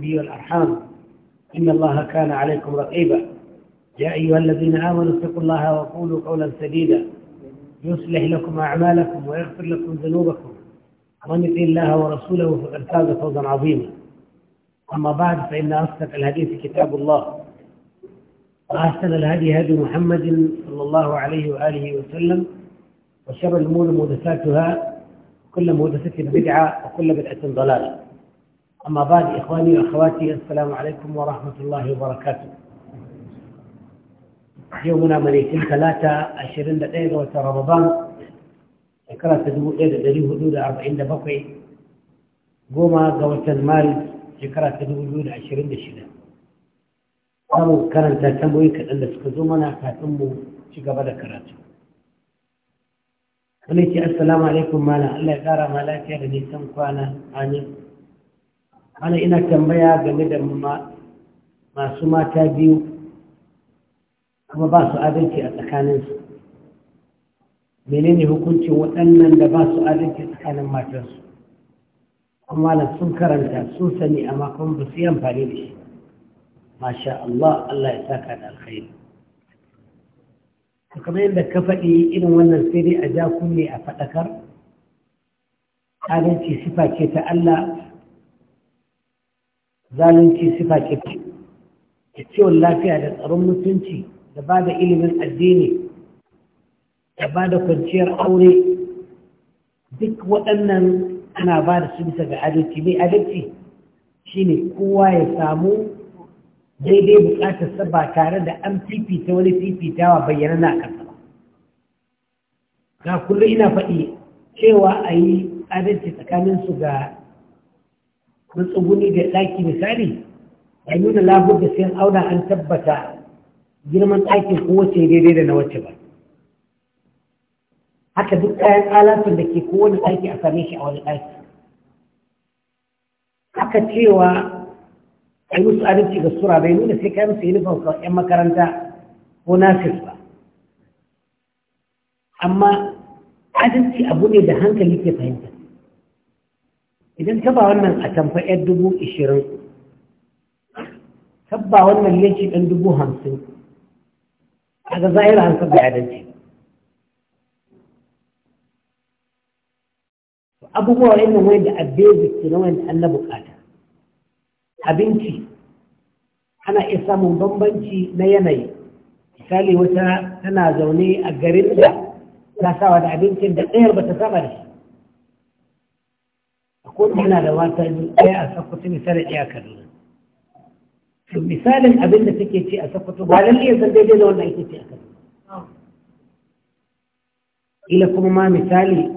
ذي الأرحام إن الله كان عليكم رقيبا يا أيها الذين آمنوا اتقوا الله وقولوا قولا سديدا يصلح لكم أعمالكم ويغفر لكم ذنوبكم ومن يطع الله ورسوله فقد فاز فوزا عظيما أما بعد فإن أصدق الحديث كتاب الله وأحسن الهدي هدي محمد صلى الله عليه وآله وسلم وشر الأمور محدثاتها كل محدثة بدعة وكل بدعة ضلالة أما بعد إخواني وأخواتي السلام عليكم ورحمة الله وبركاته يومنا مليتين ثلاثة عشرين دقيقة وترمضان شكرا تدبو إيد دليه دولة أربعين دبقي قوما قوتا مال شكرا تدبو دولة عشرين دشدة قالوا كانت تتمو يمكن أن تسكزومنا تتمو شكرا بدا كراتو السلام عليكم مالا الله يقارى مالا كيرا نيسان كوانا آمين ana ina tambaya game da masu mata biyu kuma ba su adalci a tsakaninsu menene hukuncin waɗannan da ba su adalci tsakanin matansu? Kuma da sun karanta sun sani amma kuma ba su yi amfani da shi masha Allah Allah ya saka da alkhairi kamar yadda ka faɗi irin wannan sai dai a ja kunne a faɗakar adalci sifa ce ta Allah zalunci sifa ce da ciwon lafiya da tsaron mutunci da ba da ilimin addini da ba da kwanciyar aure duk waɗannan ana ba da su bisa ga adalci mai adalci shine kowa ya samu daidai buƙatar saba tare da an fifita wani fifitawa bayyana na ƙasa. ba ga kullum ina faɗi cewa a yi adalci tsakaninsu ga matsuguni da ɗaki misali a nuna labur da sayan auna an tabbata girman ɗakin ko daidai da na wace ba haka duk kayan alatun da ke kowane ɗaki a same shi a wani ɗaki haka cewa a yi musu adalci ga sura bai nuna sai kayan musu yunifon kawai 'yan makaranta ko nasir ba amma adalci abu ne da hankali ke fahimta idan taba wannan a tamfa yar dubu wannan leci 50,000 dubu hamsin a ga zahira hansar da adalci abubuwa wa'in nan wanda da ke na wani an na bukata abinci ana iya samun bambanci na yanayi misali wata tana zaune a garin da ta sawa da abincin da tsayar ba ta saba da shi ko yana da mata biyu ɗaya a sakkwato misali ɗaya a kaduna to misalin abin da take ce a sakkwato ba lalle ya daidai da wanda ake ce a kaduna ila kuma ma misali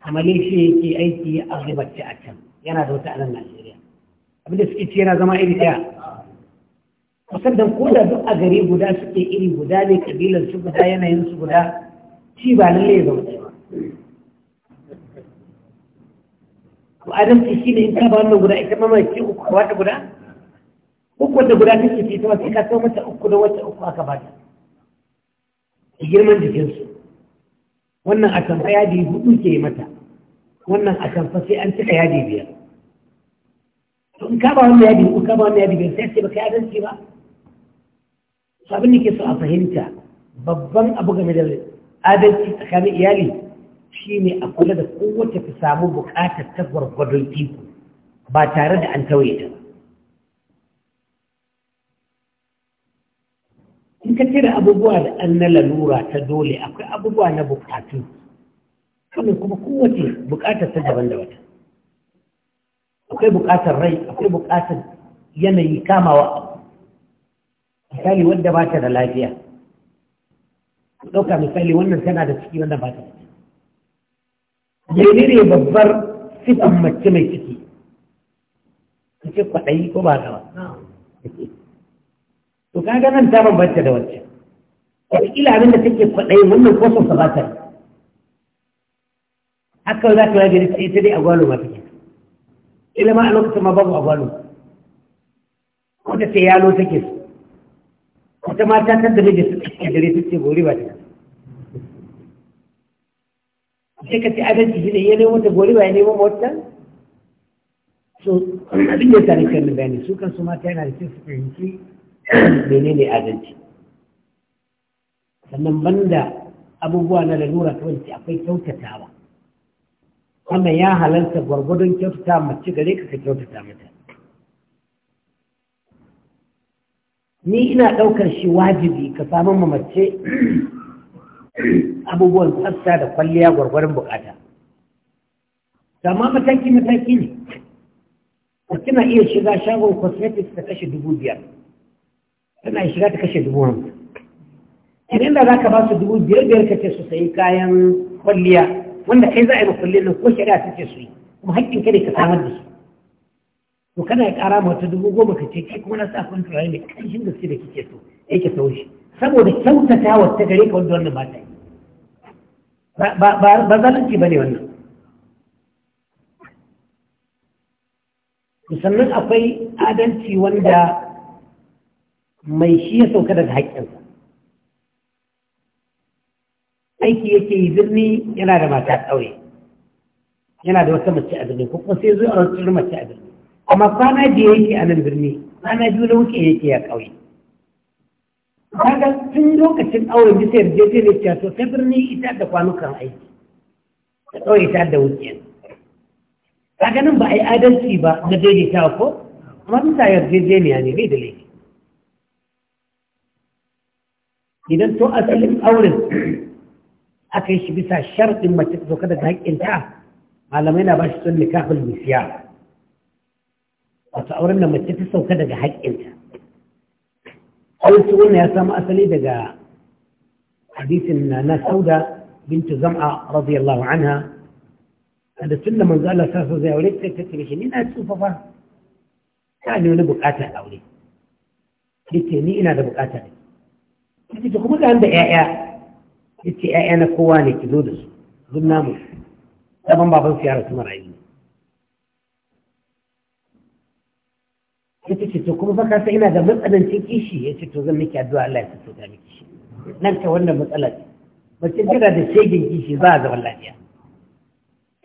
a malaysia yake aiki a arzibarci a can yana da wata a nan najeriya abin da suke ce yana zama iri ɗaya kusan da ko da duk a gari guda suke iri guda ne kabilar su guda yanayin su guda ci ba lalle ya zama ɗaya ba to shi ne in ka ba wannan guda ita ma mai uku a wata guda uku wata guda ta ce ta wata ka mata uku da wata uku aka ba ta da girman jikinsu wannan a tamfa yadi hudu ke mata wannan a tamfa sai an cika yadi biyar to in ka ba wannan yadi uku ka ba wannan yadi biyar sai ce baka ce ba to abin da ke so a fahimta babban abu game da adalci tsakanin iyali shine a kula da kowace ta samu bukatar ta gwargwadon iko ba tare da an tauye ta in ka cire abubuwa da an na lalura ta dole akwai abubuwa na bukatu sannan kuma kowace bukatar ta daban da wata akwai bukatar rai akwai bukatar yanayi kamawa misali wadda ba ta da lafiya ɗauka misali wannan tana da ciki wannan ba ta da menene babbar sifan mace mai ciki ce kwaɗayi ko ba gaba to kaga nan ta bambanta da wacce wataƙila abin da take kwaɗayi wannan ko son ba ta haka za ta wajen ta ita dai gwalo ma take ila ma a lokacin ma babu a gwalo. wata ce yalo take su wata mata ta da mijin su take dare ta ce gori ba ta sai ka ci adalci shi ne ya nemo ta gori ba ya nemo wancan so abin da tare kan da bayani su kansu mata yana da kyau su fahimci menene adalci sannan banda abubuwa na lalura kawai ce akwai kyautatawa amma ya halarta gwargwadon kyautata mace gare ka ka kyautata mata ni ina ɗaukar shi wajibi ka samu mace abubuwan tsafta da kwalliya gwargwarin bukata amma mataki mataki ne kina iya shiga shagon cosmetics ta kashe dubu biyar tana shiga ta kashe dubu hamsin idan da za ka ba su dubu biyar biyar ka ce su sayi kayan kwalliya wanda kai za a yi ma kwalliya nan ko shari'a ta ce su yi kuma haƙƙin ka ne ka samar da su to kana ya ƙara ma wata dubu goma ka ce ke kuma na sa kwan turare mai ƙanshin gaske da kike so yake sau shi saboda kyautata wata gare ka wanda wannan ba ta yi ba zalunci ba ne wannan musamman akwai adalci wanda mai shi ya sauka daga haƙƙinsa aiki yake yi birni yana da mata ƙauye yana da wata mace a birni ko kuma sai zuwa wata mace a birni amma kwana biyu yake a nan birni kwana biyu da wuce yake a ƙauye kaga tun lokacin auren bisa yarjejeniyar cewa ta birni ita da kwanukan aiki ta tsawai ta da wujen. kaga ganin ba a yi adalci ba na daidaita ko amma yarjejeniya ne mai da laifi idan to asalin auren aka yi shi bisa sharɗin mace ta zoka daga haƙƙinta malamai na ba shi sun nikahul misiya wata auren da mace ta sauka daga haƙƙinta قلت قلنا يا سامة أسلي دقاء حديث إن ناس أودا بنت زمعة رضي الله عنها هذا سنة من قال لها زي أوليك تكتري شنين أتسوف فا كان يعني يقول بقاتا أولي قلت ني إنا ده بقاتا قلت تقوم لها عند إعياء قلت إعياء أنا كذودس ضمنامو طبعا بابا في عرس مرعيني ya ce to kuma fa ina da matsanancin kishi ya ce to zan miki addu'a Allah ya fito da miki shi nan ka wannan matsala ce mace tana da shegin kishi za a zaman lafiya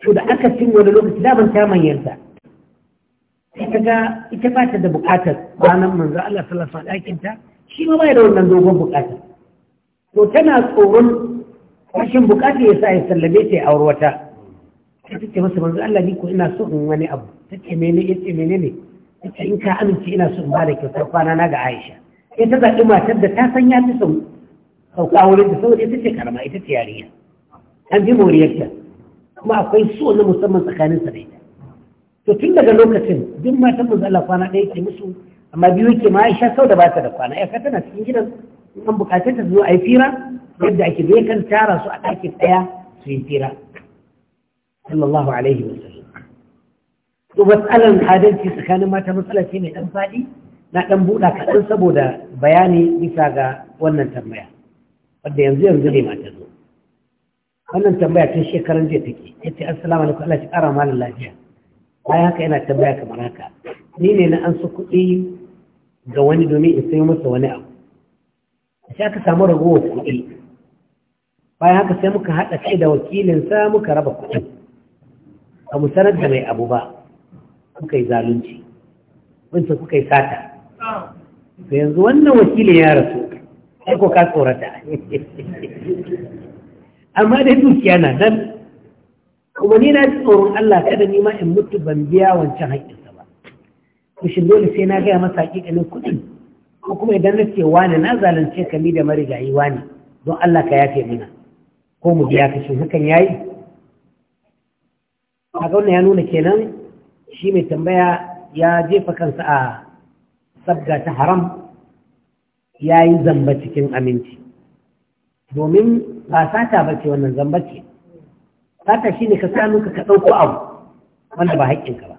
to da aka cin wani lokaci ban ta manyanta sai ka ga ita ba ta da buƙatar ranar manzo Allah sallallahu alaihi wasallam shi ma bai da wannan dogon bukata to tana tsoron rashin buƙata ya sa ya sallame ta ya auri wata sai ta ce masa manzo Allah ni ko ina so in wani abu take menene yace menene ita in ka amince ina son ba da kyautar kwana na ga aisha sai ta zaɓi matar da ta san ya fi son sauka wurin da saboda ita ce karama ita ce yariya an bi moriyarta kuma akwai so na musamman tsakanin sa da ita to tun daga lokacin duk matan manzo Allah kwana ɗaya ke musu amma biyu ke ma aisha sau da ba ta da kwana ya ka tana cikin gidan an bukatar ta zo a yi fira yadda ake da kan tara su a ɗakin ɗaya su yi fira sallallahu alaihi to matsalar adalci tsakanin mata matsala ce mai ɗan faɗi na ɗan buɗa kaɗan saboda bayani bisa ga wannan tambaya wadda yanzu yanzu ne mata zo wannan tambaya tun shekaran jiya take ya ce assalamu alaikum Allah shi ƙara malin lafiya bayan haka yana tambaya kamar haka ni ne na an su kuɗi ga wani domin in sayo masa wani abu sai aka samu ragowar kuɗi bayan haka sai muka haɗa kai da wakilinsa muka raba kuɗi a mu sanar da mai abu ba kuka yi zalunci wancan kuka yi sata to yanzu wannan wakilin ya rasu sai ko ka tsorata amma dai dukiya na nan kuma ni na ji tsoron Allah kada ni ma in mutu ban biya wancan haƙƙinsa ba kushin dole sai na gaya masa haƙiƙanin kuɗi? ko kuma idan na ce wani na zalunce ka ni da marigayi wani don Allah ka yafe mana ko mu biya kashin hakan yayi a wannan ya nuna kenan shi mai tambaya ya jefa kansa a sabga ta haram ya yi zamba cikin aminci domin ba sata ba ce wannan zamba ce sata shi ne ka sanu ka ɗauko abu wanda ba haƙƙinka ba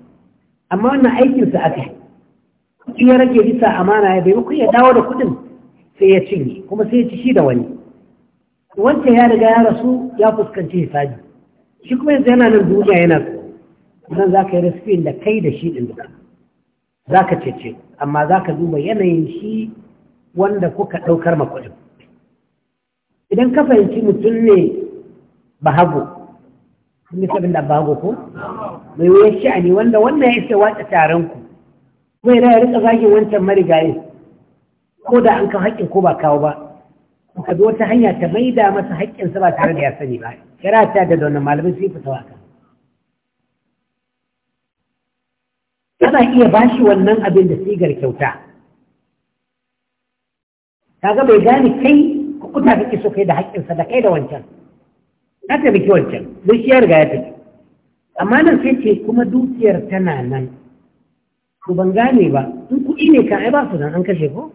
amma wannan aikinsa aka yi ya rage bisa amana ya bai ya dawo da kuɗin sai ya cinye kuma sai ya ci shi da wani wancan ya riga ya rasu ya fuskanci hisabi shi kuma yanzu yana nan duniya yana nan za ka yi rasfiyin da kai da shi ɗin duka za ka cece amma za ka duba yanayin shi wanda kuka ɗaukar kuɗi idan ka fahimci mutum ne ba hagu sun yi sabin da ba hagu ko mai wuyar sha'ani wanda wannan ya ce watsa taron ku kuma yana ya rika zagin wancan marigayi ko da an kawo haƙƙin ko ba kawo ba ka bi wata hanya ta maida masa haƙƙinsa ba tare da ya sani ba kira ta da wannan malamin sai fita waka kana iya bashi wannan abin da sigar kyauta kaga bai gane kai kuta kake so kai da haƙƙinsa da kai da wancan na taimaki wancan don shi ya riga ya tafi amma nan sai ce kuma dukiyar tana nan to ban gane ba in kuɗi ne ka ai ba su nan an kashe ko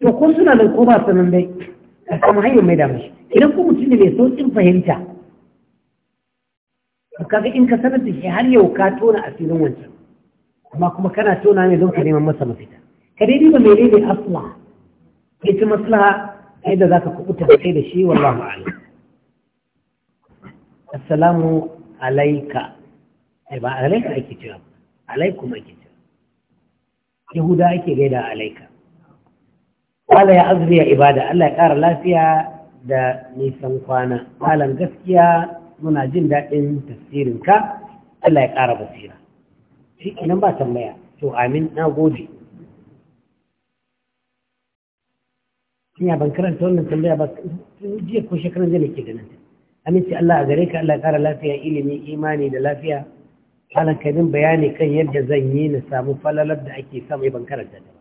to ko suna nan ko ba su nan dai ka kama hanyar mai damashi idan ko mutum ne mai sauƙin fahimta to kaga in ka sanar da shi har yau ka tona asirin wancan amma kuma kana tona ne don ka neman masa mafita ka dai diba mai ne asla ya ci maslaha kai da za ka kubuta da kai da shi wallahu ma'ala assalamu alaika ai ba alaika ake cewa alaikum ake cewa yahuda ake gaida alaika wala ya azri ya ibada Allah ya kara lafiya da nisan kwana malam gaskiya muna jin daɗin tafsirinka Allah ya kara basira shi kenan ba tambaya to amin na gode ina ban karanta wannan tambaya ba jiya ko shekaran zai nake ganin aminci Allah a gare ka Allah kara lafiya ilimi imani da lafiya halan kanin bayani kan yadda zan yi na samu falalar da ake samu ban karanta ta ba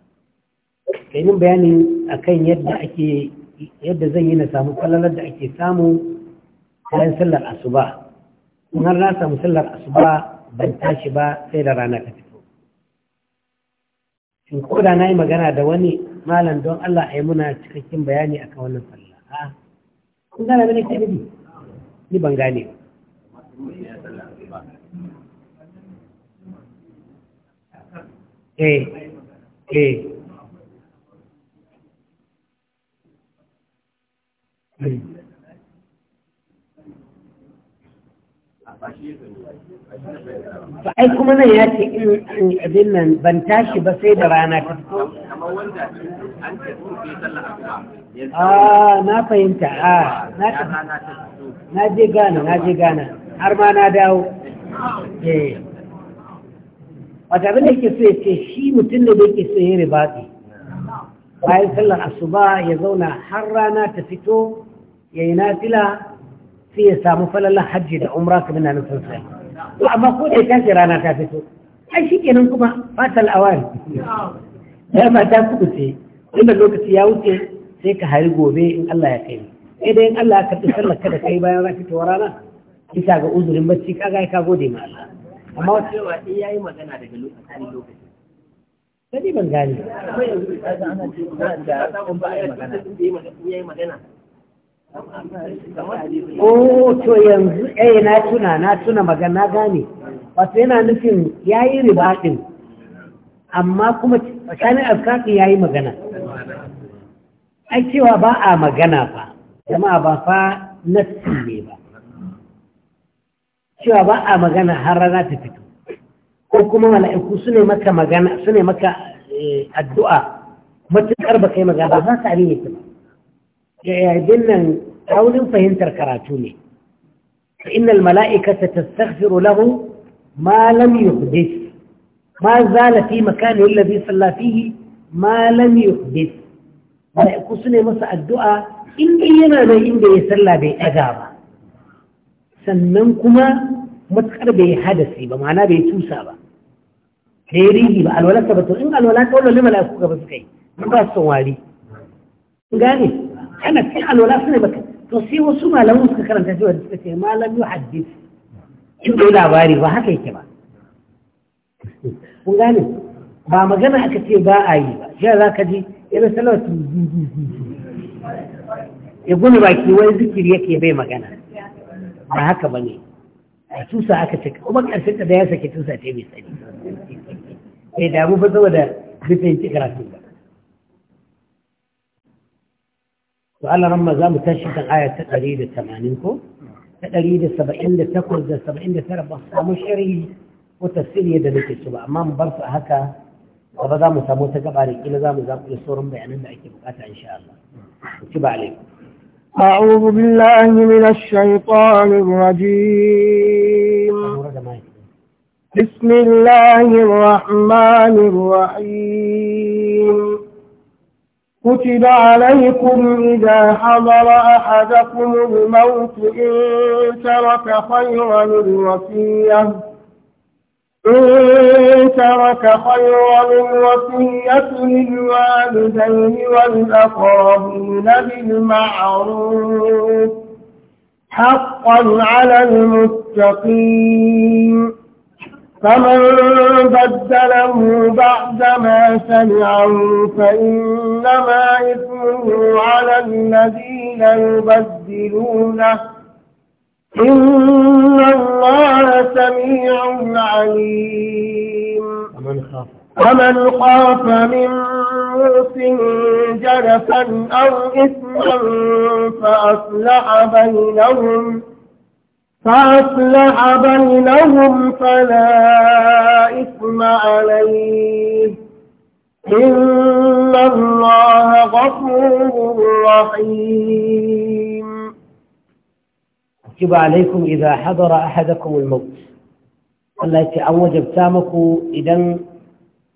Kanin bayani akan yadda ake yadda zan yi na samu falalar da ake samu bayan sallar asuba in har na samu sallar asuba ban tashi ba sai da rana ta fito shin ko da na yi magana da wani malam don Allah a yi muna cikakken bayani akan wannan falla a kun gana ni ban gane eh eh Thank hmm. you. ai kuma nan ya ce in abin nan ban tashi ba sai da rana ta fito a ah, na fahimta ah, a na je gana na je gana har ma na dawo eh. wata abin da ke so ya ce shi mutum da ke so ya ribaɗi bayan sallar asuba ya zauna har rana ta fito ya yi nafila sai ya samu falalar hajji da umra ka nan sun sai to amma ko da tashi rana ta fito ai shikenan kuma fatal awari ya ma ta sai, inda lokaci ya wuce sai ka hari gobe in Allah ya kai sai dai in Allah ya karbi sallar ka da kai bayan rafi ta rana bisa ga uzurin bacci kaga ka gode ma Allah amma wata yawa sai yayi magana daga lokacin lokaci sai ban gane akwai yanzu da ana ce da ta ba magana sai yayi magana O oh, to yanzu eh na tuna na tuna magana gane wato yana nufin yayi riba din amma kuma tsakanin ya yayi magana ai cewa ba a magana fa jama'a ba fa nassi ne ba cewa ba a magana har rana ta fito ko kuma mala'iku su ne maka magana su ne maka eh, addu'a matuƙar ba kai magana ba za ka ne ba abin nan raunin fahimtar karatu ne innal mala'ikata tastaghfiru lahu ma lam yuhdith ma zala fi makanihi alladhi salla fihi ma lam yuhdith mala'iku sune masa addu'a in yana nan inda ya salla bai daga ba sannan kuma matsar bai hadasi ba ma'ana bai tusa ba da ya rigi ba alwala ba to in alwala ta wani mala'iku gaba suka yi ba su wari gane Kana cikin alwala suna baka to sai wasu malaman suka karanta shi wanda suka ce malam yu in kin dau labari ba haka yake ba kun gane ba magana aka ce ba a yi ba shi za ka ji yana salawatu ya gudu baki wani zikiri yake bai magana ba haka ba ne a tusa aka ce kuma ƙarshen da ya sake tusa yi mai tsari bai damu ba saboda bai fahimci karatu ba وقال رمضان زامو تشهد الآية تقريد الثمانينكم تقريد السبعين لتكوز السبعين لثرف بصفة مشري وتفصيل يدى نتي السبع ما مبرفع هكا وبدا مسامو تقباري إلا زامو زامو يصور رمى يعني بقاتا إن شاء الله وشبع عليكم أعوذ بالله من الشيطان الرجيم بسم الله الرحمن الرحيم كتب عليكم إذا حضر أحدكم الموت إن ترك خيرا الوصية إن ترك خيرا الوصية للوالدين والأقربين بالمعروف حقا على المتقين فمن بدله بعد ما سمعه فإنما إثمه على الذين يبدلونه إن الله سميع عليم فمن خاف من موس جرفا أو إثما فأصلح بينهم فأصلح بينهم فلا إثم عليه إن الله غفور رحيم أكتب عليكم إذا حضر أحدكم الموت ولا يتعوج ابتامكم اذا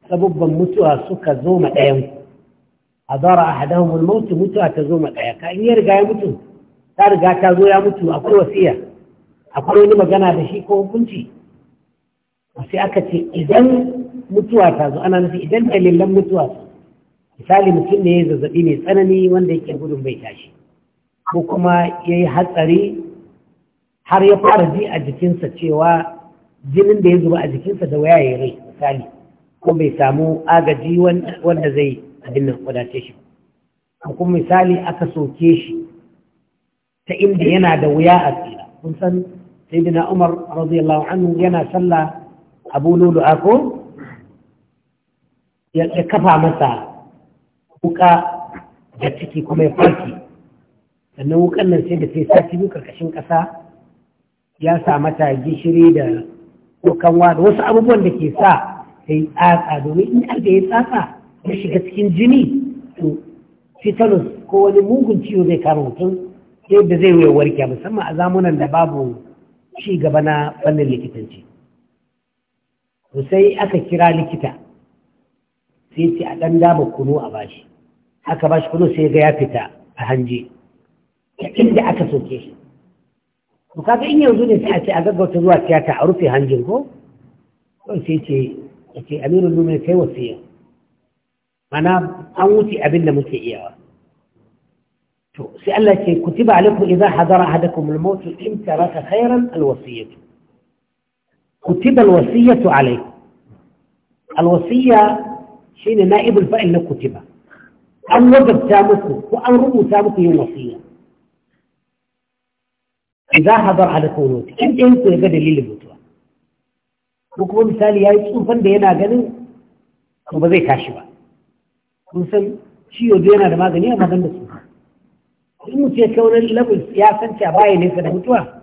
سبب متوها سكا زومة أيام حضر أحدهم الموت متوها تزومة أيام كأن يرقى يموتوا ترقى تزويا متوا أقول وسيئة akwai wani magana da shi ko hukunci sai aka ce idan mutuwa ta zo ana nufi idan dalilan mutuwa su misali mutum ne ya zazzabi mai tsanani wanda yake gudun bai tashi ko kuma ya yi hatsari har ya fara ji a jikinsa cewa jinin da ya zuba a jikinsa da waya ya rai misali ko bai samu agaji wanda zai abin nan wadace shi ko kuma misali aka soke shi ta inda yana da wuya a tsira kun san sayyidina umar radiyallahu anhu yana sallah abu lulu'a ko ya kafa masa wuƙa da ciki kuma ya farki sannan wukan nan sai da sai sati biyu karkashin ƙasa ya sa mata gishiri da kokanwa da wasu abubuwan da ke sa ta yi tsatsa domin in aka yi tsatsa ya shiga cikin jini to fitanus ko wani mugun ciwo zai kama mutum yadda zai wuya warke musamman azamunan da babu ci gaba na fannin likitanci to sai aka kira likita sai ce a ɗan dama kunu a bashi aka bashi kunu sai ga ya fita a hanji inda aka soke shi to kaga in yanzu ne sai a ce a gaggauta zuwa tiyata a rufe hanjin ko kawai sai ce a ce amirul lumin kai wasiya mana an wuce abin da muke iyawa سألت كتب عليكم إذا حضر أحدكم الموت إن ترك خيرا الوصية كتب الوصية عليكم الوصية شين نائب الفائل لكتب الوجب تامكم وأمره تامكم هي الوصية إذا حضر أحدكم الموت إن أنت قد اللي لموت بكم مثال يا يسوم فندينا قدن وبذي كاشبا مثل شيء يدينا دماغني أما دمسنا in mutu ya kawo labin ya san cewa baya nesa da mutuwa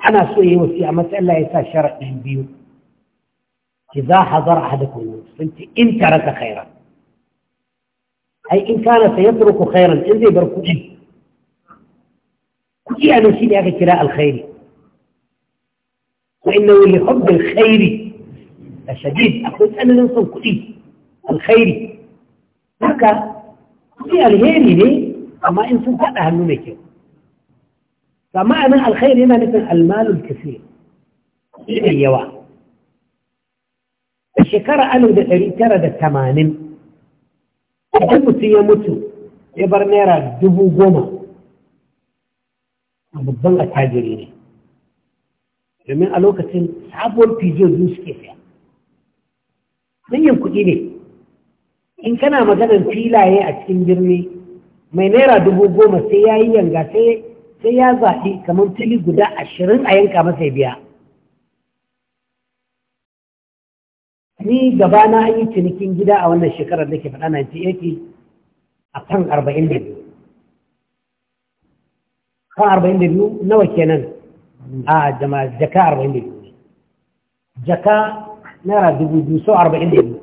ana so yi wasu a matsayin Allah ya sa sharaɗin biyu ki za hazar ahadakum sun ce in taraka khairan ai in kana sayatruku khairan in zai bar kuɗi kuɗi a nan shi ne aka kira alkhairi wa innahu li hubbi alkhairi la shadid akwai tsananin son kuɗi alkhairi haka kuɗi alheri ne amma in sun faɗa hannu mai kyau amma a nan alkhairi yana nufin almalul kasir mai yawa a shekara alif da ɗari tara da tamanin idan mutum ya mutu ya bar naira dubu goma a babban attajiri ne domin a lokacin sabuwar fijo zu suke siya manyan kuɗi ne in kana maganar filaye a cikin birni mai naira dubu goma sai ya yi yanga sai ya zaɓi kamar fili guda ashirin a yanka masa ya biya ni gaba na an yi cinikin gida a wannan shekarar da ke faɗa 1980 a kan 42 kan 42 nawa kenan a jama'a jaka 42 jaka naira 2,000 so 42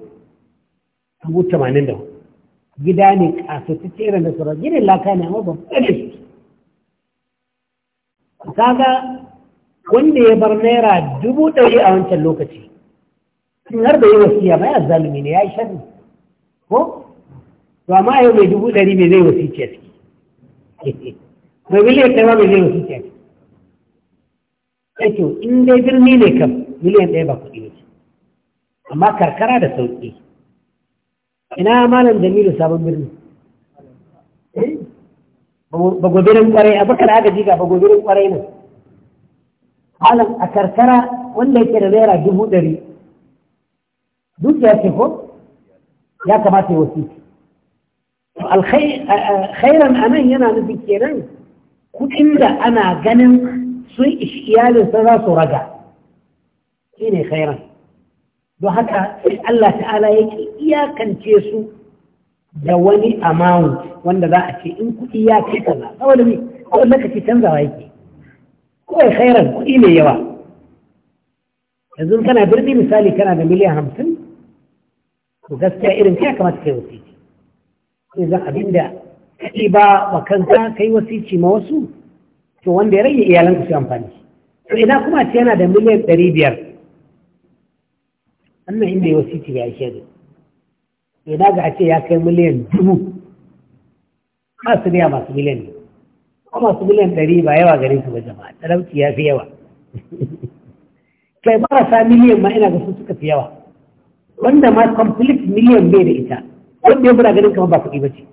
dubu 84 gida ne kasatacce irin da sauran gidan laka ne amma babban da su. kaga wanda ya bar naira dubu ɗari a wancan lokaci sun har da yi wasiya ba ya zalumi ne ya yi sharri ko to amma yau mai dubu ɗari mai zai wasi ce ciki mai miliyan ɗaya ba mai zai wasi ce eh ake in dai birni ne kam miliyan ɗaya ba kuɗi ne amma karkara da sauƙi ina malam jamilu sabon birni eh? ba gobirin kwarai bakar aka jiga ba gobirin kwarai ne malam a karkara wanda yake da naira dubu ɗari dukiya ce ko ya kamata ya wasu alkhairan anan yana nufi kenan kuɗin da ana ganin sun ishi iyalinsa za su raga shi ne khairan don haka sai Allah ta'ala yake iyakance su da wani amount wanda za a ce in kuɗi ya kai kaza saboda me kawai lokaci canzawa yake kawai khairar kuɗi mai yawa yanzu kana birni misali kana da miliyan hamsin to gaskiya irin kai kamata kai ce sai zan da kaɗi ba wa kanka kai ce ma wasu to wanda ya rage iyalanka su amfani to ina kuma ce yana da miliyan ɗari biyar annan inda ya wasiti ya ishe da ina ga a ce ya kai miliyan dubu ba su ne masu miliyan ne ko masu miliyan ɗari ba yawa gare su ba jama'a talauci ya fi yawa kai marasa miliyan ma ina ga su suka fi yawa wanda ma complete miliyan bai da ita wanda ya bura ganin kamar ba kuɗi ba ce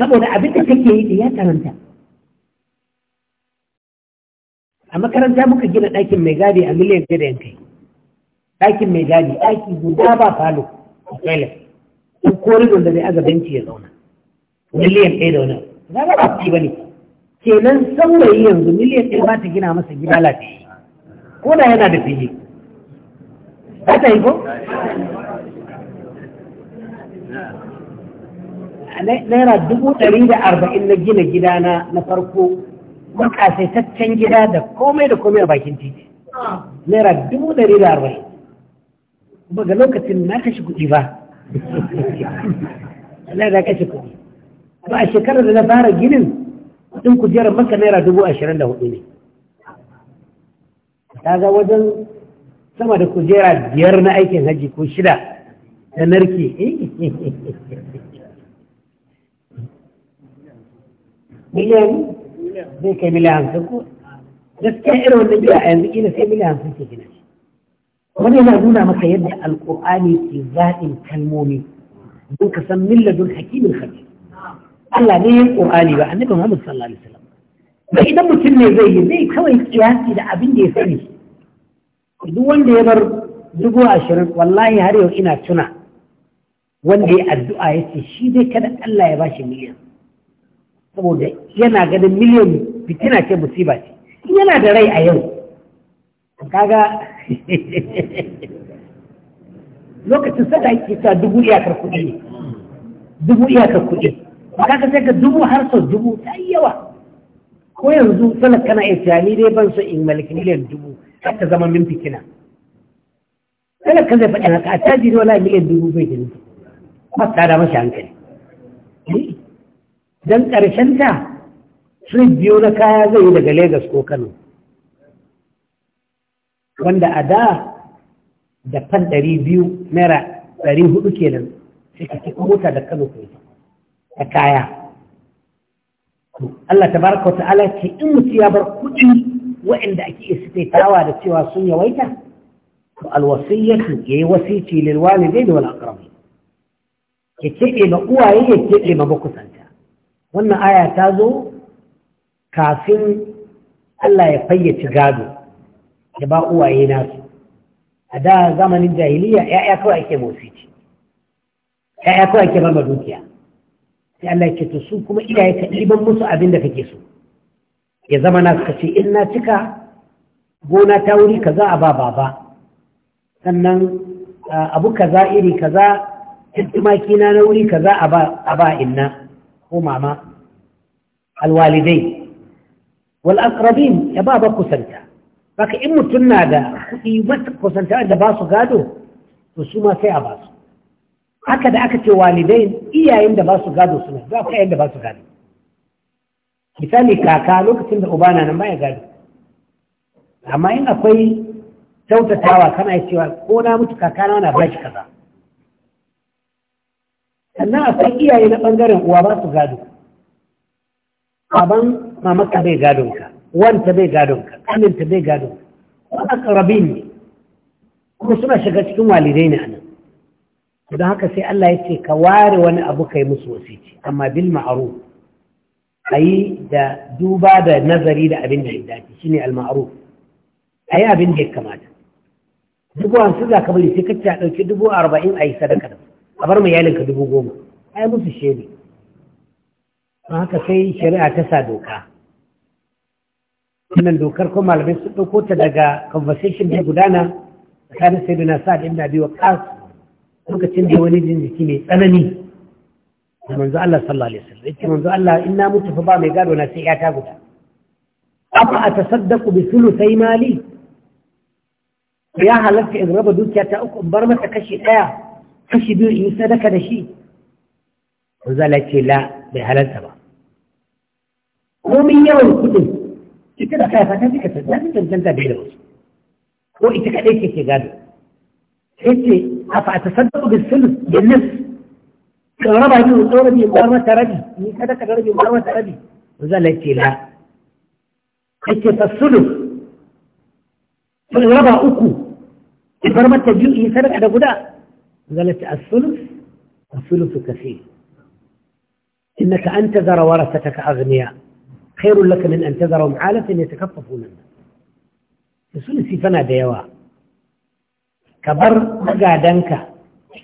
saboda abin da kake yi ya taranta. a makaranta muka gina ɗakin mai gadi a miliyan ɗaya da yankai ɗakin mai gadi ɗaki guda ba falo a toilet in koridon da zai aga benci ya zauna miliyan ɗaya da wani za ga ba ci ba ne kenan saurayi yanzu miliyan ɗaya ba ta gina masa gida lafiya ko da yana da fili ba ta yi ko naira dubu ɗari da arba'in na gina gida na farko makasaitaccen gida da komai da komai a bakin titi naira dubu ɗari da arba'in kuma ga lokacin na kashe kuɗi ba Allah ya kashe kuɗi ba a shekarar da na fara ginin kuɗin kujerar maka naira dubu ashirin da hudu ne ta ga wajen sama da kujera biyar na aikin hajji ko shida da narki miliyan zai kai miliyan hamsin ko gaskiya irin wanda biya a yanzu ina sai miliyan hamsin ke gina wani yana nuna maka yadda alkur'ani ke zaɗin kalmomi don ka san milladun hakimin hakim Allah ne yin ƙur'ani ba annabi Muhammad sallallahu alaihi wasallam ba idan mutum ne zai yi zai kawai kiyasi da abin da ya sani duk wanda ya bar dubu ashirin wallahi har yau ina tuna wanda ya addu'a ya ce shi dai kada Allah ya ba shi miliyan saboda yana ganin miliyan fitina ce musiba ce yana da rai a yau kaga lokacin sada yake ta dubu iyakar kuɗi ne dubu iyakar kuɗi ba ka sai ka dubu har sau dubu ta yi yawa ko yanzu sanar kana iya cewa ni dai ban so in mallaki miliyan dubu har ta zama min fitina sanar kan zai faɗi haka a ne wala miliyan dubu bai jini ba da mashi hankali don ƙarshen ta sun biyo na kaya zai yi daga Legas ko Kano wanda a da da fan ɗari biyu naira ɗari hudu kenan sai ka cikin mota da kano kai ta kaya Allah ta baraka wata ala ce in mutu ya bar kuɗi wa'inda ake istitawa da cewa sun yawaita to alwasiyyatu yayi wasici dai da wani akarami ya keɓe ma uwaye ya keɓe ma makusanta wannan aya ta zo kafin Allah ya fayyace gado da ba uwaye nasu a da zamanin jahiliya ya'ya kawai ake motsi ya'ya kawai ake bama dukiya sai Allah ke to su kuma iyaye ka ɗiban musu abin da kake so ya zama na suka ce in na cika gona ta wuri kaza a ba baba sannan abu kaza iri kaza tumaki na na wuri kaza a ba inna ko mama alwalidai wal aqrabin ya ba ba kusanta baka in mutum na da kuɗi kusantar da ba su gado to su ma sai a ba su haka da aka ce walidai iyayen da ba su gado suna za ku yayin da ba su gado misali kaka lokacin da uba na nan baya gado amma in akwai kyautatawa kana yi cewa ko na mutu kaka na na bashi kaza sannan akwai iyaye na bangaren uwa ba su gado baban mamaka bai gadon ka wanta bai gadonka ƙaninta bai gadonka ko akarabi ne kuma suna shiga cikin walidai ne nan. don haka sai Allah ya ce ka ware wani abu kai musu wasici amma bil ma'ruf ayi da duba da nazari da abin da ya dace shine al ma'ruf ayi abin da ya kamata dubu hamsin za ka bari sai kacce a ɗauki dubu arba'in a yi sadaka da a bar mu yalinka dubu goma ai musu shedi don haka sai shari'a ta sa doka wannan dokar ko malamai sun ɗauko ta daga conversation da gudana tsakanin sai na da ibn abi A lokacin da wani jin jiki mai tsanani da manzo Allah sallallahu alaihi wasallam yake manzo Allah in na mutu fa ba mai gado na sai ya ta guda amma tasaddaku bi yi mali ya halatta in raba dukiya ta uku in bar mata kashi daya kashi biyu in yi sadaka da shi manzo Allah ce la bai halarta ba komin yawan kudin ita da kaya ta cika ta zafi cancanta bai da wasu ko ita kadai ce gado sai ce a fa ta sadda da sulus da nis kan raba biyu ko rabi in bar mata rabi ni kada ka rabi in bar mata rabi zala ce la yake ta sulus sun raba uku in bar mata biyu in sadaka da guda zala ce as-sulus as-sulus kaseer innaka an tazara warafataka aghniya خير لك من أن تذرهم عالة يتكففون الناس يسون السيفنا ديواء كبر قادنك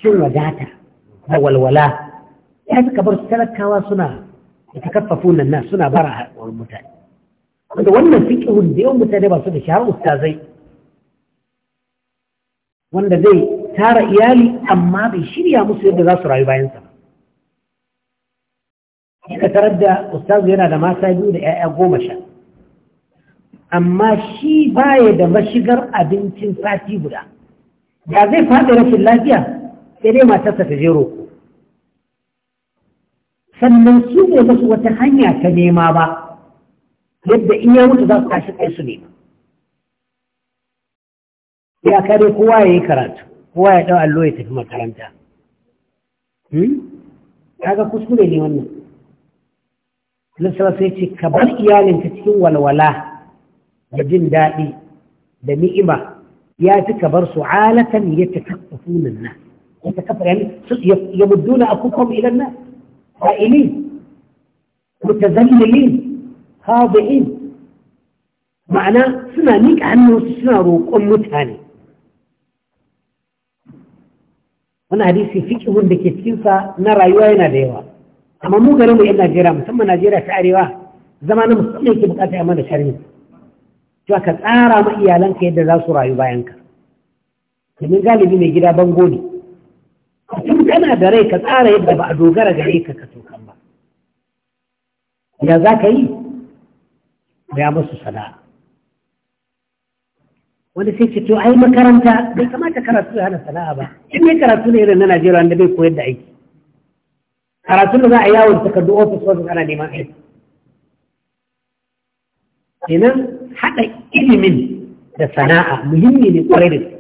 شن وداتا هو الولاء يعني كبر سلكا وصنا يتكففون الناس سنة برا والمتال عند وانا فيكه ديو متالي بصنا شهر أستاذي وانا دي تار إيالي أما بيشير يا مسيح دي ذا سرعي باين سمع ka tarar da ustazu yana da mata biyu da 'ya'ya goma sha amma shi baya da mashigar abincin sati guda da zai faɗi rashin lafiya sai dai matarsa ta je roƙo sannan su ne masu wata hanya ta nema ba yadda in ya mutu za su kashi kai su nema ya kare kowa ya yi karatu kowa ya ɗau allo ya tafi makaranta hmm? kaga kuskure ne wannan Lissawa sai ce, ka bar iyalinka cikin walwala da jin daɗi da ni'ima ya fi ka bar su alatan ya ta kafa sunan nan. Ya ta kafa yani, ya mudduna a kukom ilan nan, fa'ili, mutazallilin, khadi'in. Ma'ana suna miƙa hannunsu suna roƙon mutane. Wani hadisi fikihun da ke cikinsa na rayuwa yana da yawa. amma mu garin mu yan Najeriya musamman Najeriya ta arewa zama na musamman yake bukata mana shari'a to ka tsara ma iyalanka yadda za su rayu bayan ka domin galibi mai gida bango ne tun kana da rai ka tsara yadda ba a dogara gare ka ka tsokan ba ya za ka yi ya musu sana'a wani sai ce to ai makaranta bai kamata karatu ya hana sana'a ba in ne karatu ne irin na Najeriya wanda bai koyar da aiki karatun da za a yawon takardu ofis wasu, ana neman aiki kenan haɗa ilimin da sana'a muhimmi ne kwarai da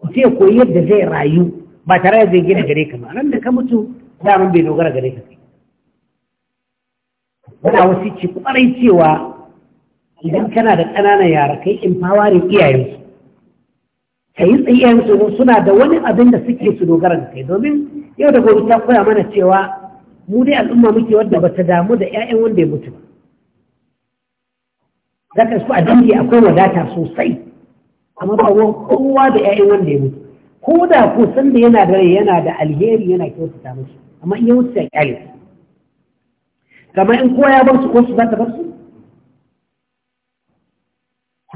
ku sai koyi yadda zai rayu ba tare da zai gina gare ka ba nan da ka mutu daman bai dogara gare ka wanda wasu ce kwarai cewa idan kana da ƙananan yara kai in iyayen iyayensu ka yi su suna da wani abin da suke su dogara da kai domin yau da gobe ta koya mana cewa mu dai al'umma muke wadda ba ta damu da 'ya'yan wanda ya mutu ba za ka su a dangi akwai wadata sosai amma ba kowa da 'ya'yan wanda ya mutu ko da ko san da yana da rai yana da alheri yana kyautata musu amma in ya a ya kyale kamar in kowa ya bar su wasu za ta bar su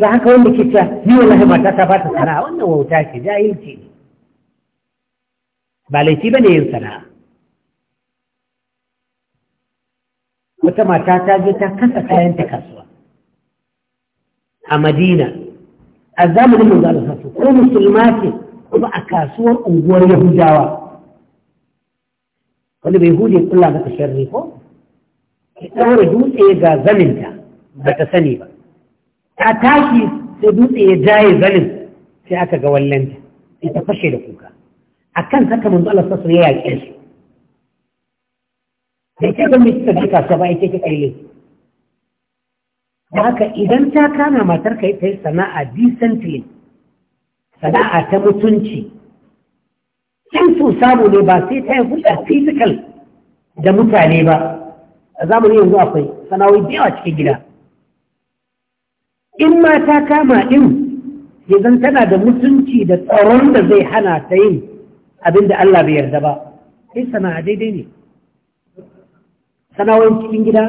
ga haka wanda ke ta, ni wallahi mata ta ba ta sana'a wannan wauta ce jahilci ne بالتي بنين سنا وتما تاتا جتا كسا كاين تكسوا أمدينة الزامن من ذلك الصفو كل مسلمات وأكاسوا أنقوى اليهود جاوا كل بيهود يقول الله تشرفوا كتور دوس إيجا زمن جا بتسنيبا تاتاشي سدوس إيجاي زمن سيأكا قولن جا إتفشي لكوكا akan saka mun zala sassu ya yaƙe su da ke zan mai tafi kasuwa ba ita ke Da haka idan ta kama matar ka yi ta yi sana'a decently sana'a ta mutunci in su samu ne ba sai ta yi hulɗa physical da mutane ba a zamanin yanzu akwai sana'o'i da yawa cikin gida in ma ta kama din yanzu tana da mutunci da tsaron da zai hana ta yin abin da Allah bai yarda ba sai a daidai ne sana'o'in cikin gida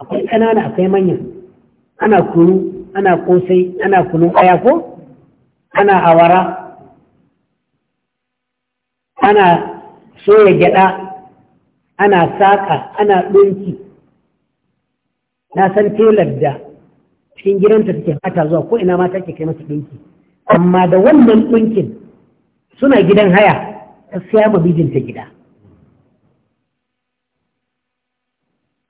akwai ƙanana akwai manya ana kunu ana kosai ana kunun ƙaya ko ana awara ana soya gyaɗa ana saƙa ana ɗunki na san telar da cikin gidanta take fata zuwa ko ina mata ke kai masa ɗunki amma da wannan ɗunkin suna gidan haya ta siya ma mijinta gida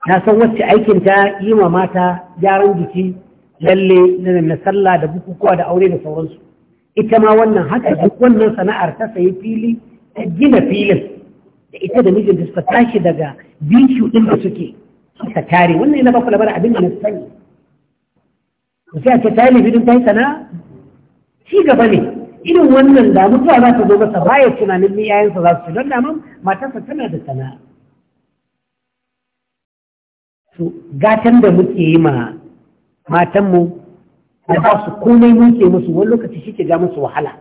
Na san wacce aikinta yi ma mata gyaran jiki lalle na sallah da bukukuwa da aure da sauransu ita ma wannan haka duk wannan sana'ar ta sayi fili ta gina filin da ita da mijinta suka tashi daga bishiyu ɗin da suke suka tare wannan yana baku labarin abin da na sani sai a ce ta yi libidin ta yi sana'a ci gaba ne irin wannan da mutuwa za ta zo masa baya tunanin ni yayansa za su don daman matarsa tana da sana'a to gatan da muke yi ma matanmu da ba su komai muke musu wani lokaci shi ke ja musu wahala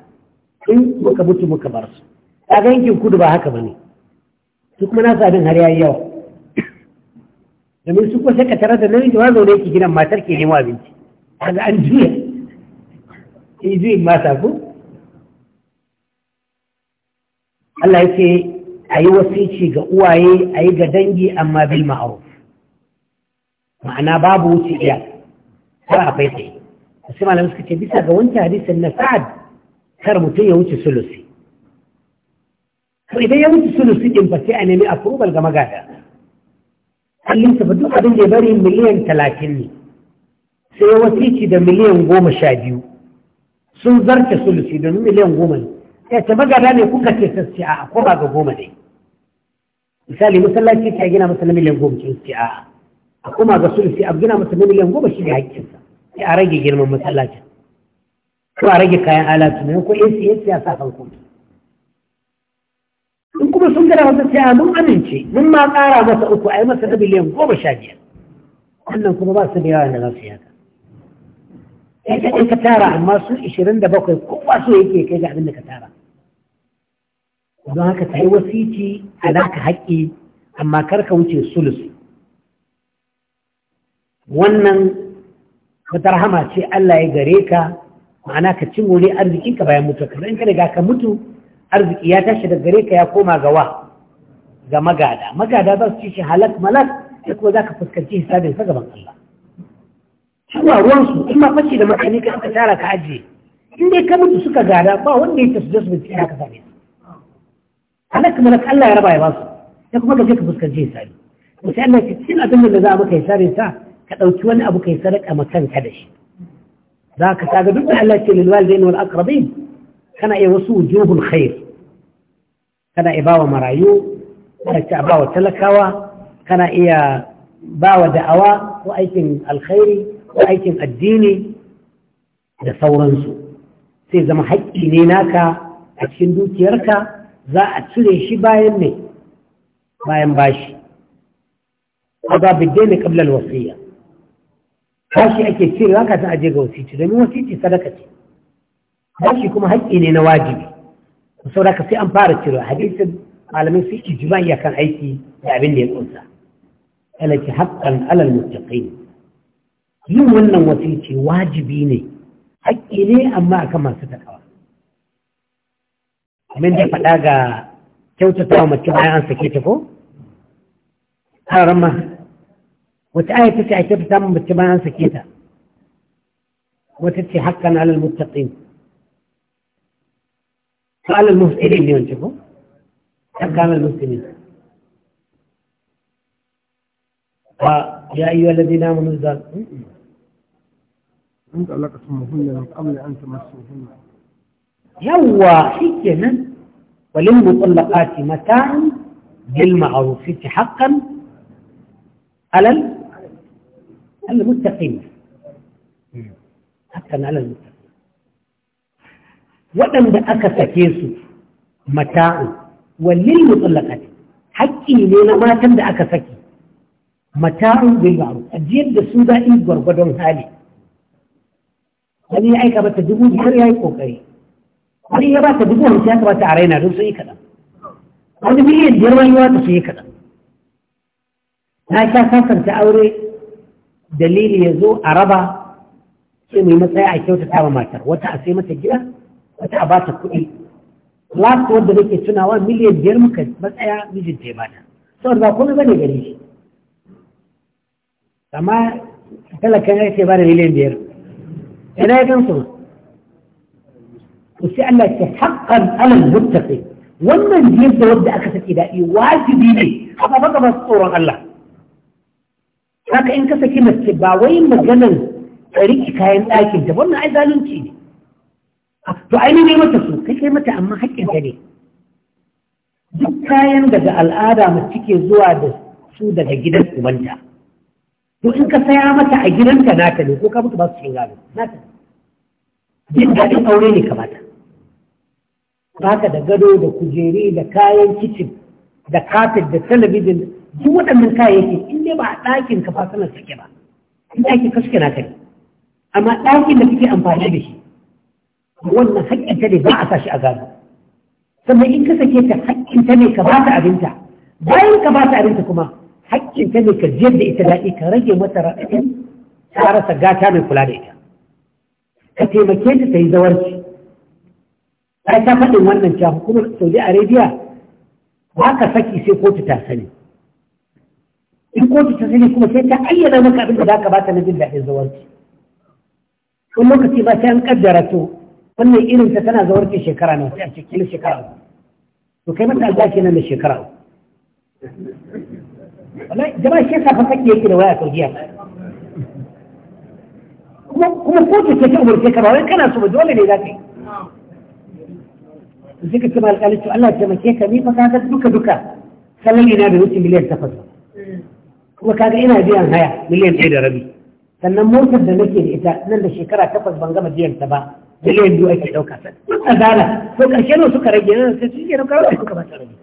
in muka mutu muka bar su a ga yankin kudu ba haka ba ne su kuma na sabin har yayi yawa domin su kuma sai ka tarar da nan jawa zaune ki gidan matar ke nemo abinci kaga an juya in juyin mata ko Allah ya ce a yi wasici ga uwaye a yi ga dangi amma bil ma'aruf ma'ana babu wuce iya ko a faifai sai Malam suka ce bisa ga wancan hadisin na sa'ad kar mutum ya wuce sulusi to idan ya wuce sulusi din ba sai a nemi approval ga magada kallin sa duk abin da ya bari miliyan talatin ne sai ya wasici da miliyan goma sha biyu sun zarta sulusi domin miliyan goma ne ya ce magana ne kuka ce sassi a ko ba ga goma ne misali masallaci ta gina masa na miliyan goma ce sassi a a kuma ga sai a gina masa na miliyan goma shi ne hakkinsa sai a rage girman masallacin ko a rage kayan alatu ne ko yin siyan sa kan kuma in kuma sun gara masa siya mun amince mun ma kara masa uku a yi masa na miliyan goma sha biyar wannan kuma ba su da yawa da za su yaka ya ka tara amma su 27 kowa so yake kai ga abin da ka tara don haka ta yi wasici a naka haƙƙi amma kar ka wuce sulus wannan wata rahama ce Allah ya gare ka ma'ana ka cin wuri arzikinka bayan mutu ka in ka riga ka mutu arziki ya tashi da gare ka ya koma ga wa ga magada magada za su ci shi halak malak sai kuma za ka fuskanci hisabin sa gaban Allah cewa ruwansu in ma fashi da mutane ka suka tara ka ajiye in dai ka mutu suka gada ba wanda ya tasu da su bincike ka same halakka malak Allah ya raba ya basu ya kuma ka ka fuskanci hisabi to sai Allah ya cikin abin da za a maka sare sa ka ɗauki wani abu kai sadaka ma kanka da shi za ka kaga duk da Allah ce lil walidain wal aqrabin kana iya wasu wujuhul khair kana iya bawa marayu kana iya bawa talakawa kana iya bawa da'awa ko aikin alkhairi ko aikin addini da sauransu sai zama haƙƙi ne naka a cikin dukiyarka za a cire shi bayan ne bayan bashi ba bidde ne al-wasiyya bashi ake cire haka ta aje ga wasici domin wasici sadaka ce bashi kuma haƙƙi ne na wajibi saboda ka sai an fara cire hadisin malamin su ya kan aiki da abin da ya kunsa ana ce haƙƙan alal muttaqin yin wannan wasici wajibi ne haƙƙi ne amma akan masu takawa من دي فداغا كوتو تو ماتو اي ان سكيتو كو هرما وتاي تسع تبتم بتما ان حقا على المتقين قال المفسرين اللي ينجبو حقا على المسلمين ف يا ايها الذين امنوا زال انت الله قسمه هنا من قبل ان تمسوهن وللمطلقات متاع بالمعروف حقا على المتقين حقا على المتقين وأن دعك سكيس متاع وللمطلقات حكي لنا ما كان دعك سكي متاع بالمعروف أجيب دسودا إيجور بدون هذه يعني هي بتدبو بحر يا إيكو wani ya baka dubu hamsin ya kamata a raina don sun yi kaɗan wani miliyan biyar wani ya ta sun yi kaɗan na sha sasanta aure dalili ya zo a raba sai mai matsaya a kyautata wa matar wata a sai mata gida wata a ba ta kuɗi last wadda nake tunawa miliyan biyar muka matsaya mijin ta bata saboda ba komai bane gari shi amma talakan ya ce ba da miliyan biyar ina ya gan su to sai Allah ya haƙƙan alal muttaqi wannan jiyar da wanda aka saki daɗi wajibi ne a baka ba tsoron Allah haka in ka saki mace ba wai maganar rike kayan ɗakin ta wannan ai zalunci ne to ai ne mata su kai kai mata amma haƙƙinta ne duk kayan daga al'ada mace ke zuwa da su daga gidan ubanta to in ka saya mata a gidanta nata ne ko ka mutu ba su cin gado nata jin daɗin aure ne kamata baka da gado da kujeri da kayan kicin da kafet da talabijin duk waɗannan kayayyaki in dai ba a ɗakin ka fasanar suke ba in ɗakin ka suke na kai amma ɗakin da kake amfani da shi wannan haƙƙin ta ne ba a sashi a gado sannan in ka sake ta haƙƙin ta ne ka ba ta abinta bayan ka ba ta abinta kuma haƙƙin ta ne ka jiyar da ita daɗi ka rage mata raɗaɗin ta rasa gata mai kula da ita ka taimake ta ta yi zawarci ai ta faɗin wannan cewa hukumar saudi arabia ba ka saki sai kotu ta sani in kotu ta sani kuma sai ta ayyana maka abin da za ka bata na jin daɗin zawarci wani lokaci ba sai an kaddara to wannan irin ta tana zawarci shekara na sai a cikin shekara to kai mata ke nan da shekara wallahi jama'a shi yasa fa saki yake da waya saudiya kuma kotu ce ta umarce ka ba wai kana so ba dole ne za ka yi sai ka ce ba alƙali Allah ya taimake ka ni fa ka ga duka duka sallan ina da wuce miliyan takwas kuma kaga ina biyan haya miliyan ɗaya da rabi sannan motar da nake da ita nan da shekara takwas ban gama biyan ta ba miliyan biyu ake ɗauka sa duk azara to ƙarshe ne suka rage nan sai su yi ɗauka wani suka ba ta rage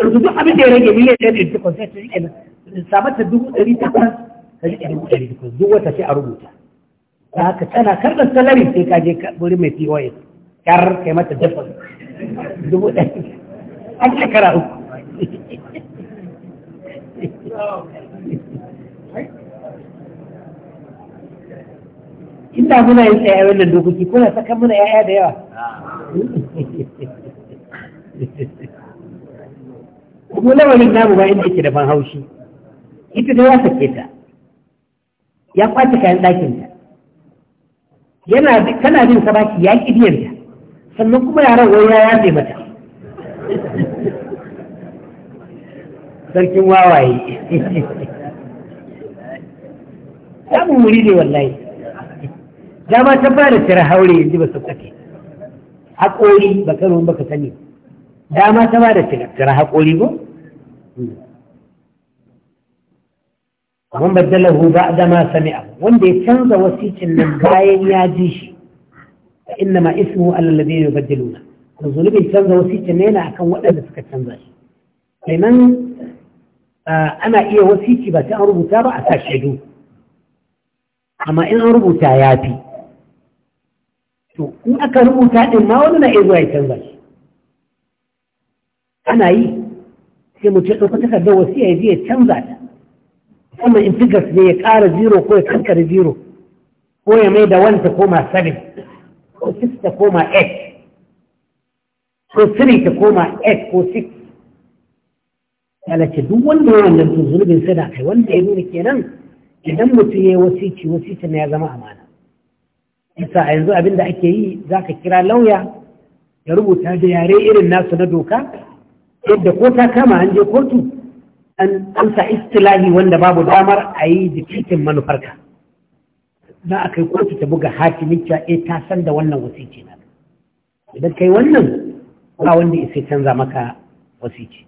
yanzu duk abin da ya rage miliyan ɗaya da ita kwan sai su yi samar ta dubu ɗari takwas ta ji dubu ɗari takwas duk wata sai a rubuta ta haka tana karɓar salari sai ka je wuri mai pos ƙar kai mata dafa dubu ɗaya an shekara uku ina muna yin tsaye wannan dokoki kuna saka muna yaya da yawa kuma lamarin namu ba inda yake da ban haushi ita da ya sake ta ya kwace kayan ɗakinta yana kana bin sabaki ya ƙi biyanta sannan kuma yaran wai ya yafe mata sarkin wawaye samun wuri ne wallahi dama ta fara cire haure yanzu ba su kake haƙori ba ba baka sani dama ta ba da cire haƙori ba ومن بدله sami abu. سمعه وان دي تنزى nan من ya ji shi. innama ismuhu alal ladina yubaddiluna to zulubin canza wasiyya ne yana akan waɗanda suka canza shi kenan ana iya wasiki ba sai an rubuta ba a sa shaidu amma in an rubuta ya fi to aka rubuta din ma wani na iya zuwa ya canza shi ana yi sai mu ce ɗauka takardar wasiya ya je ya canza ta musamman in figures ne ya ƙara zero ko ya kankare zero ko ya mai da wanta ko ma sabin ko 6 ta koma 8 ko 3 ta koma 8 ko 6 ce duk wanda ya wannan to zulubin sai da kai wanda ya nuna kenan idan mutum ya yi wasici wasici na ya zama amana isa a yanzu abinda ake yi za ka kira lauya ya rubuta da yare irin nasu na doka yadda ko ta kama an je kotu an amsa istilahi wanda babu damar a yi jikin manufarka za a kai kotu ta buga hakimin cewa eh ta san da wannan wasici na idan kai wannan ba wanda sai canza maka wasici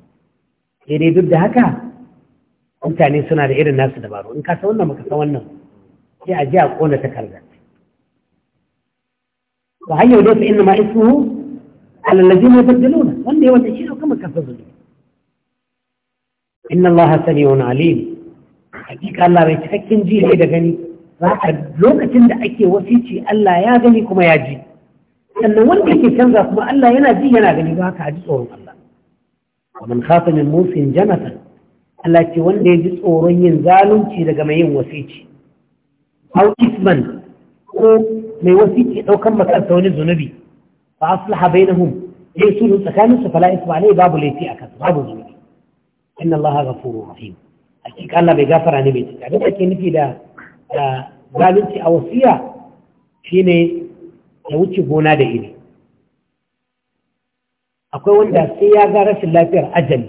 sai dai duk da haka mutane suna da irin nasu dabaru in ka san wannan maka san wannan sai a ji a kona takarda wa hayya dai fa inna ma ismuhu ala allazina yabdiluna wanda ya wata shi kuma kafa zulu inna allaha sami'un alim hakika Allah bai cikakken ji ne da gani haka lokacin da ake wasici Allah ya gani kuma ya ji sannan wanda yake canza kuma Allah yana ji yana gani ba haka a ji tsoron Allah Wannan khafa min musin janatan Allah ce wanda ya ji tsoron yin zalunci daga mai yin wasici aw isman ko mai wasici daukan makarta wani zunubi fa aslaha bainahum yayi sulhu tsakanin su fala isma alai babu laifi akan babu zunubi inna Allah ghafurur rahim hakika Allah bai gafara ne bai tsaka da nufi da da zalunci a wasiya shine ya wuce gona da iri akwai wanda sai ya ga rashin lafiyar ajali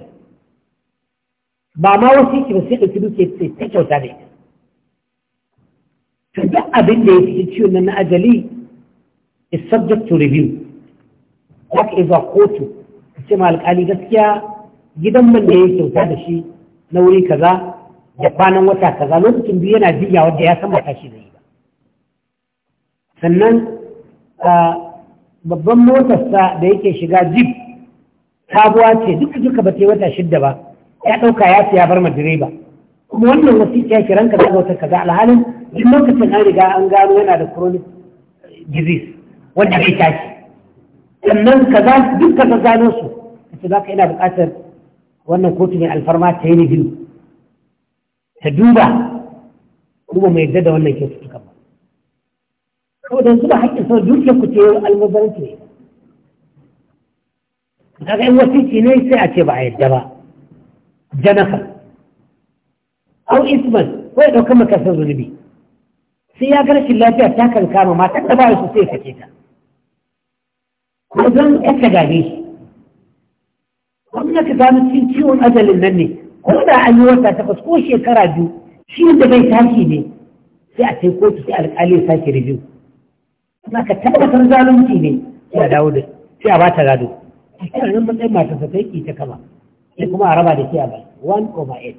ba ma wasu yake ba sai ɗauki duke ta kyauta da ita to duk abin da ya fi ciwon nan na ajali is subject to review za ka iya kotu ka ce ma alƙali gaskiya gidan man da ya kyauta da shi na wuri kaza da kwanan wata kaza lokacin biyu yana jiya wadda ya kama tashi zai ba sannan babban motarsa da yake shiga jib sabuwa ce duka duka ba ta yi wata shidda ba ya ɗauka ya siya bar ma direba kuma wannan wasu ya kiran kaza wata kaza alhalin duk lokacin an riga an gano yana da chronic disease wanda bai tashi sannan kaza duk ka gano su ce za ka ina buƙatar wannan kotun mai alfarma ta yi ni biyu ta duba kuma mai yadda da wannan tuka ba saboda yanzu ba haƙƙin sau dukiyar ku ce almubazzaranci ne kaga in wasiki ne sai a ce ba a yadda ba janafa au isman ko ya ɗaukar makasar zunubi sai ya ga rashin lafiya ta kan kama mata da ba su sai kace ta ko zan ka gane shi wannan ka gano cikin ciwon ajalin nan ne ko da an yi wata takwas ko shekara biyu shi da bai tashi ne sai a sai kotu sai alƙali sake review kuma ka tabbatar zalunci ne sai a dawo da sai a bata gado a kan nan matsayin mata sa sai ta kama sai kuma a raba da shi a bai one over eight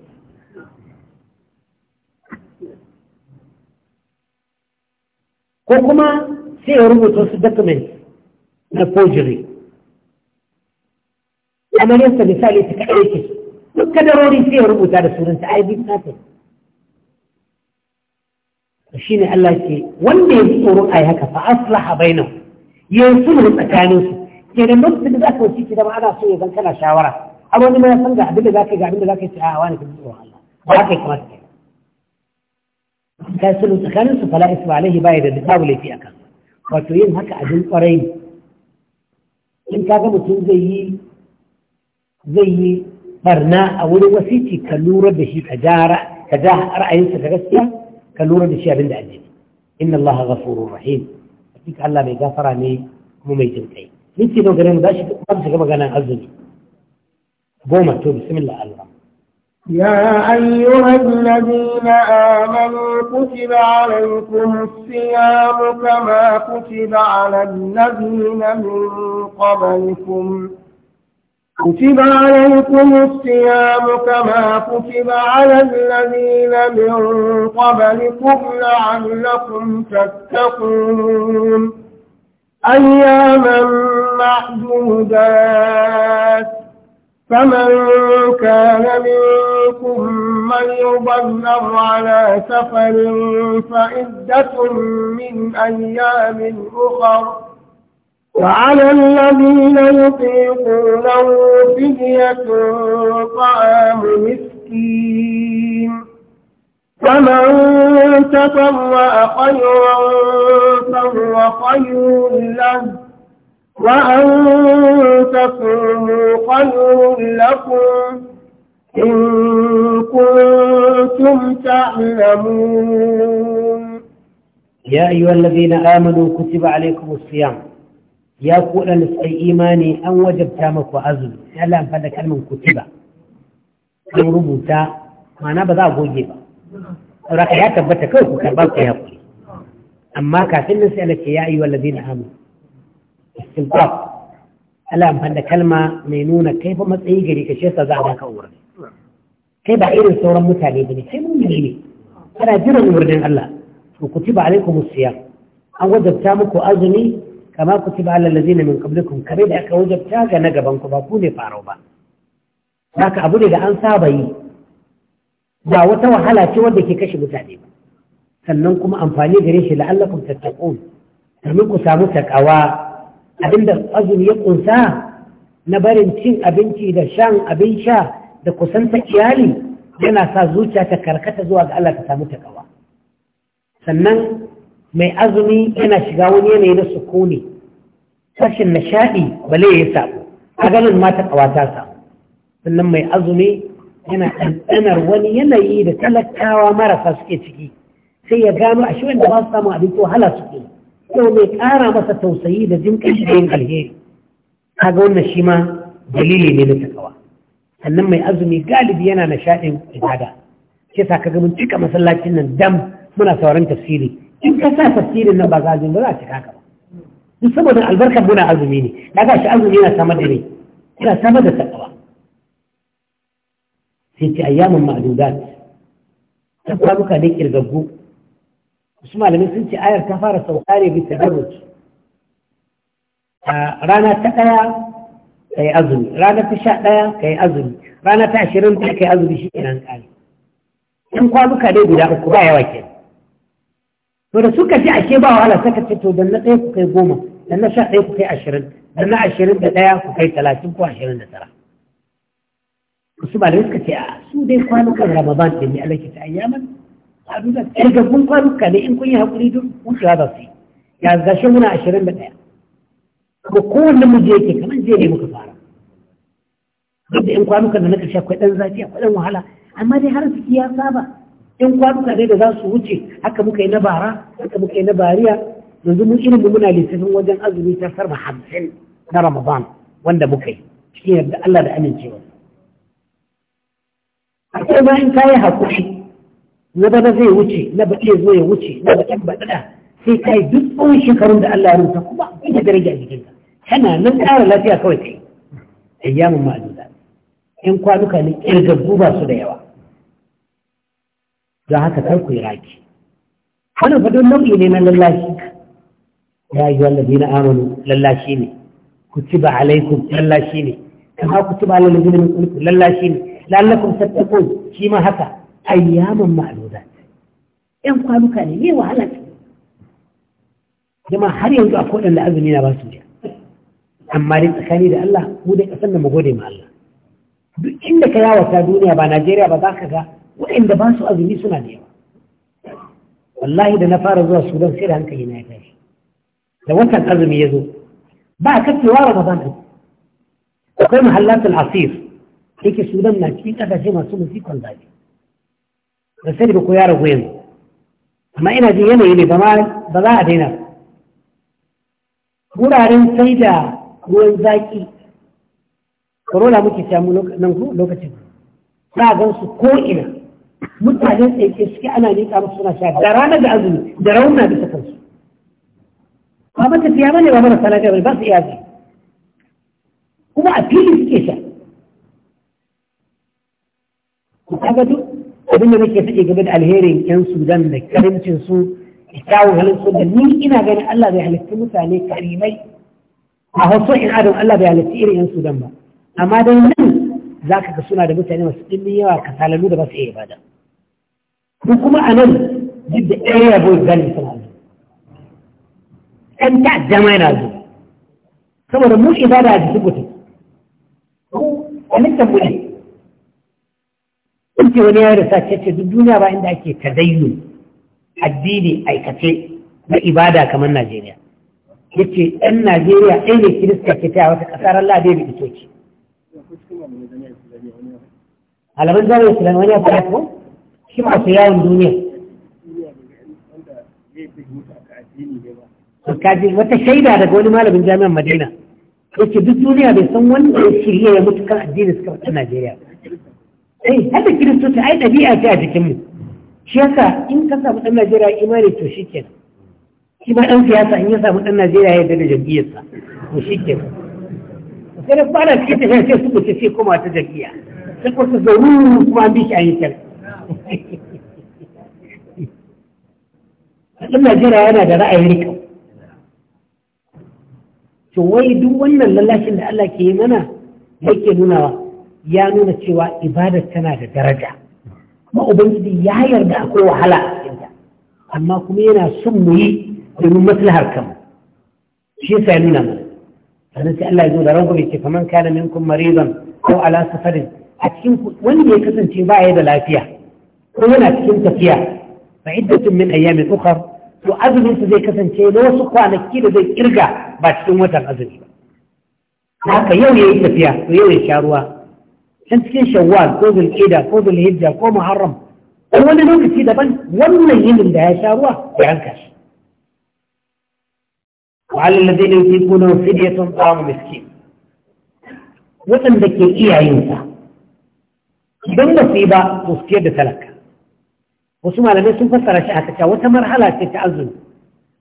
ko kuma sai ya rubuta wasu document na forgery amaryarsa misali ta kaɗai ke وكدروني فيه ربو تعالى سورة عايبين ناتي وشيني قال لك واني يبطور آيها كفا أصلح بينهم ينصره مكانوس يعني نصف بذلك وشيك إذا ما أنا أصوي إذا كان شاورة أبو أني ما يصنع عبد الله ذاكي عبد الله ذاكي سعى أواني في الله ذاكي كما تكي كان سلو تخانوس فلا إسم عليه بايدة بتاولي في أكام وتوين هكا أجل قرين إن كاغمو تنزيي زيي برنا أول وسيتي كلورة بشي كجارة كجاه رأيين ستغسيا كلورة بشي أبن دعجي إن الله غفور رحيم أتيك ألا بيقافر عني مميت بكي نتي دو قرينو داشي قبش كما قانا عزني بوما توب بسم الله الله يا أيها الذين آمنوا كتب عليكم الصيام كما كتب على الذين من قبلكم كتب عليكم الصيام كما كتب على الذين من قبلكم لعلكم تتقون أياما معدودات فمن كان منكم من أو على سفر فعدة من أيام أخر وعلى الذين يطيقونه فدية طعام مسكين فمن تطوع خيرا فهو خير له وأن تصوموا خير لكم إن كنتم تعلمون يا أيها الذين آمنوا كتب عليكم الصيام ya ku waɗanda suka yi imani an wajabta maku azumi ya Allah amfani da kalmar kutuba. an rubuta ma'ana ba za a goge ba sauraka ya tabbata kawai ku karɓa ku ya kuri amma kafin nan sai Allah ce ya ayyuhal ladina amanu istinqaf Allah amfani da kalma mai nuna kai fa matsayi gari ka shesa za a baka umarni kai ba irin sauran mutane ba ne kai mummuni ne kana jiran umarnin Allah to kutiba alaikum siyam an wajabta muku azumi kama ku ci ba na min qablikum kamar da aka wajabta ga na gaban ku ba ku ne farau ba ka abu ne da an saba yi ba wata wahala ce wanda ke kashe mutane ba sannan kuma amfani gare shi la'allakum tattaqun domin ku samu takawa abinda azumi ya kunsa na barin cin abinci da shan abin sha da kusanta iyali yana sa zuciya ta karkata zuwa ga Allah ta samu takawa sannan mai azumi yana shiga wani yanayi na sukuni rashin nishaɗi bale ya samu agalin mata ƙawata samu sannan mai azumi yana ɗanɗanar wani yanayi da talakawa marasa suke ciki sai ya gano a shirin da ba su samu abin ko hala suke yau mai ƙara masa tausayi da jin ƙashi da yin alheri ga wannan shi ma dalili ne na takawa sannan mai azumi galibi yana nishaɗin ibada shi sa ga mun cika masallacin nan dam muna sauran tafsiri in ka sa tafsirin nan ba za a ba za a cika ka ba duk saboda albarkar muna azumi ne da ga shi azumi yana samar da ne yana samar da takawa sai ce ayyamin ma'adudat ta kwanuka ne kirgaggu wasu malamai sun ce ayar ta fara sauka ne bisa darut rana ta ɗaya ka yi azumi rana ta sha ɗaya ka yi azumi rana ta ashirin ta ka yi azumi shi kenan ƙari ɗan kwamuka dai guda uku ba yawa ke to da suka ce ashe ba wahala saka ce to dan na ɗaya ku kai goma da na sha ɗaya ku kai ashirin da na ashirin da ɗaya ku kai talatin ko ashirin da tara wasu ba da suka ce a su dai kwanukan ramadan da ne alaƙi ta ayyaman a duka ƙargaggun kwanuka ne in kun yi haƙuri don wucewa za su yi ya gashe muna ashirin da ɗaya kuma kowanne mu je yake kamar je ne muka fara duk da in kwanukan da na ƙarshe akwai ɗan zafi akwai ɗan wahala amma dai har suke ya saba in kwanuka ne da za su wuce haka muka yi na bara haka muka yi na bariya yanzu mun irin muna littafin wajen azumi ta sarba hamsin na ramadan wanda muka yi cikin yarda Allah da amincewa a kai bayan ta yi haƙuri na bada zai wuce na baɗi ya ya wuce na baɗin baɗaɗa sai ka yi duk tsawon shekarun da Allah ya rubuta kuma akwai da daraja a jikinka tana nan ƙara lafiya kawai ta yi ayyamin ma'aduda ƴan kwanuka ne ƙirgaggu ba su da yawa don haka kar ku yi raki wannan faɗin nau'i ne na lallashi ya yi wallazi na amanu lallashi ne ku ci ba alaikum lallashi ne kama alaikum lallashi ne lallakum tattakun shi ma haka ayyaman ma'aludat yan kwanuka ne ne wahala ce jama har yanzu a kodin da azumi na ba su biya amma dai tsakani da Allah mu dai kasan da mu gode ma Allah duk inda ka yawata duniya ba Najeriya ba za ka ga waɗanda ba su azumi suna da yawa wallahi da na fara zuwa Sudan sai da hankali na ya tashi لو انت القلب ميزه بقى كتل ورا تضمه وقيم حلات العصير هيك السودان ناكين ابا جيما سومن في كل داجي رسالي بكويارة وين اما انا دي يمي يلي بمال بلا دينا بولا رين سيدا وين زاكي كورولا مكي سيامو لوك... ننقو لوكتين لا غنسو كوئنا متعجن ايكي سكي انا نيك امسونا شاك درانا بعزمي درونا بسكرة ba mata tafiya bane ba marasa lafiya bane ba su iya ji kuma a fili suke sha ku kaga duk abin da nake sake game da alherin yan sudan da karimcin su da kyawun halin su da ni ina ganin Allah bai halitta mutane karimai a hoton in adam Allah bai halitta irin yan sudan ba amma dai nan za ka ga suna da mutane masu ɗimbin yawa kasalalu da ba su iya ibada ko kuma a nan duk da ɗaya yabo gani suna ɗan ta'adda ma yana zo saboda mu ibada a jikin mutum ko halittar mu ne kuke wani ya rasa ce duk duniya ba inda ake tadayyu addini aikace na ibada kamar Najeriya ce ɗan Najeriya ɗaya ne Kirista ke taya wata ƙasar Allah da ya fito ki alamun zama Islam wani ya fara ko shi masu yawon duniya kaji wata shaida daga wani malamin jami'an madina ce duk duniya bai san wanda ya shirya ya mutu kan addini suka wata najeriya ai hada kiristoci ai ɗabi'a ce a jikinmu shi yasa in ka samu ɗan najeriya imani to shi ke. shi ma ɗan siyasa in ya samu ɗan najeriya ya dana jam'iyyarsa to shi ke sai da fara cikin tafiya sai su kuce sai koma ta jam'iyya sai kuma su zauru kuma an bi shi a yi kyar ɗan najeriya yana da ra'ayin rikau to wai duk wannan lallashin da Allah ke yi mana yake nuna ya nuna cewa ibadar tana da daraja kuma ubangiji ya yarda akwai wahala a cikinta amma kuma yana son mu yi domin maslahar kanmu shi yasa ya nuna mana sannan sai Allah ya zo da ranku ya ce kaman kana minkum maridan ko ala safarin a cikin wanda ya kasance ba ya da lafiya ko yana cikin tafiya fa iddatun min ayyamin ukhra to azumin su zai kasance na wasu kwanaki da zai kirga ba cikin watan azumi ba haka yau yayi tafiya to yau ya sha ruwa can cikin shawwal ko zulqa'da ko zulhijja ko muharram ko wani lokaci daban wannan yinin da ya sha ruwa ya yanka shi وعلى الذين يطيقونه فدية طعام مسكين waɗanda ke iyayensa idan ba su yi ba su fiye da talaka wasu malamai sun fassara shi haka cewa wata marhala ce ta azumi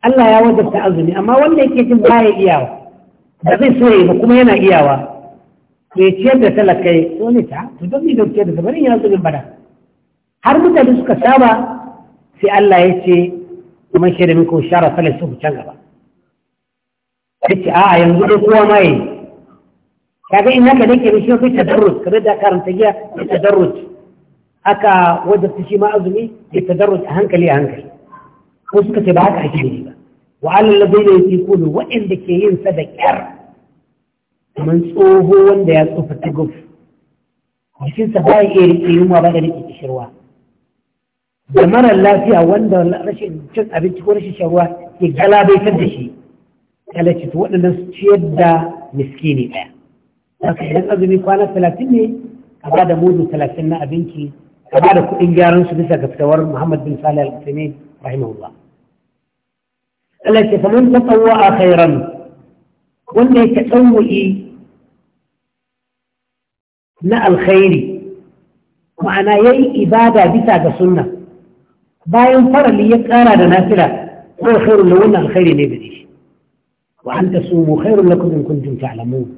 Allah ya wajabta azumi amma wanda yake jin baya iyawa da zai so yi ba kuma yana iyawa to ya ciyar da talakai so ne ta to don ni da ciyar da sabarin ya azumin bada har mutane suka saba sai Allah ya ce kuma shi da muku shara salai su can gaba ya ce a'a yanzu dai kowa ma yi kaga in haka nake mishi wata tadarrus kamar da karanta giya ta tadarrus aka wajabta shi ma azumi ya tadarruj a hankali a hankali ko suka ce ba haka ake yi ba wa alal ladina yutiquna waɗanda ke yin sadaqar kamar tsoho wanda ya tsofa taguf jikinsa ba ya iya rike yunwa ba da rike kishirwa da marar lafiya wanda rashin cin abinci ko rashin shan ruwa ke galabaitar da shi kalaci to waɗannan su ciyar da miskini ɗaya haka idan azumi kwana talatin ne a ba da mudu talatin na abinci فبعد إن جارن سبسا كفتور محمد بن صالح القسمي رحمه الله التي فمن تطوع خيرا واللي تطوئي نا الخير معنا يي إبادة بسا كسنة باين فر اللي يقارى دنافلة هو خير لون الخير نبدي وأن تصوموا خير لكم إن كنتم تعلمون